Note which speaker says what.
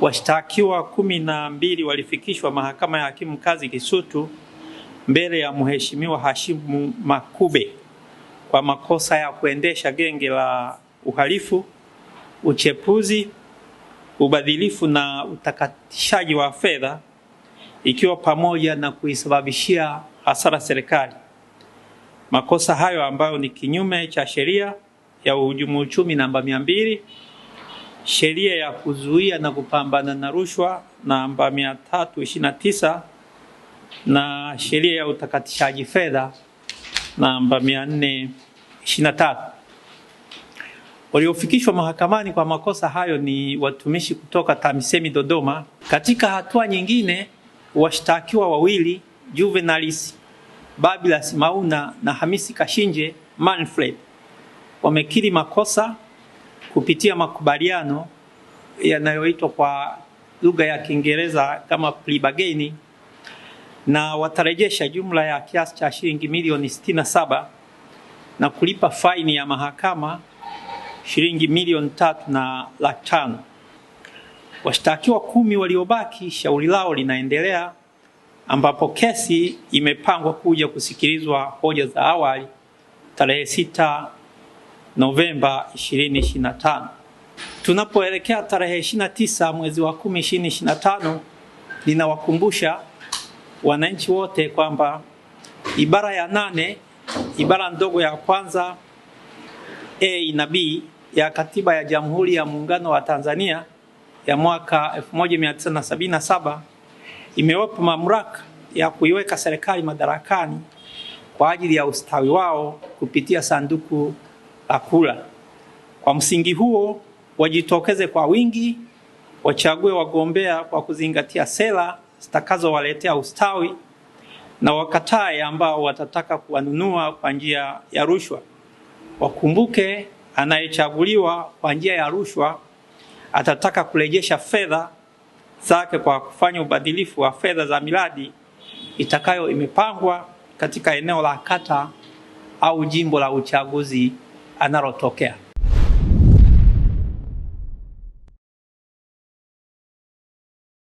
Speaker 1: Washtakiwa kumi na mbili walifikishwa mahakama ya hakimu mkazi Kisutu mbele ya Mheshimiwa Hashimu Makube kwa makosa ya kuendesha genge la uhalifu, uchepuzi, ubadhilifu na utakatishaji wa fedha ikiwa pamoja na kuisababishia hasara serikali. Makosa hayo ambayo ni kinyume cha sheria ya uhujumu uchumi namba mia mbili sheria ya kuzuia na kupambana na rushwa namba 329 na sheria ya utakatishaji fedha namba 423. Waliofikishwa mahakamani kwa makosa hayo ni watumishi kutoka TAMISEMI Dodoma. Katika hatua nyingine, washtakiwa wawili Juvenalis Babilas Mauna na Hamisi Kashinje Manfred wamekiri makosa kupitia makubaliano yanayoitwa kwa lugha ya Kiingereza kama plea bargain, na watarejesha jumla ya kiasi cha shilingi milioni saba na kulipa faini ya mahakama shilingi milioni tatu na laki tano. Washtakiwa kumi waliobaki shauri lao linaendelea, ambapo kesi imepangwa kuja kusikilizwa hoja za awali tarehe sita Novemba 2025. Tunapoelekea tarehe 29 mwezi wa 10 2025, ninawakumbusha wananchi wote kwamba ibara ya nane ibara ndogo ya kwanza A na B ya Katiba ya Jamhuri ya Muungano wa Tanzania ya mwaka 1977 imewapa mamlaka ya kuiweka serikali madarakani kwa ajili ya ustawi wao kupitia sanduku la kura. Kwa msingi huo, wajitokeze kwa wingi, wachague wagombea kwa kuzingatia sera zitakazowaletea ustawi na wakatae ambao watataka kuwanunua kwa njia ya rushwa. Wakumbuke, anayechaguliwa kwa njia ya rushwa atataka kurejesha fedha zake kwa kufanya ubadilifu wa fedha za miradi itakayo imepangwa katika eneo la kata au jimbo la uchaguzi. analotokea.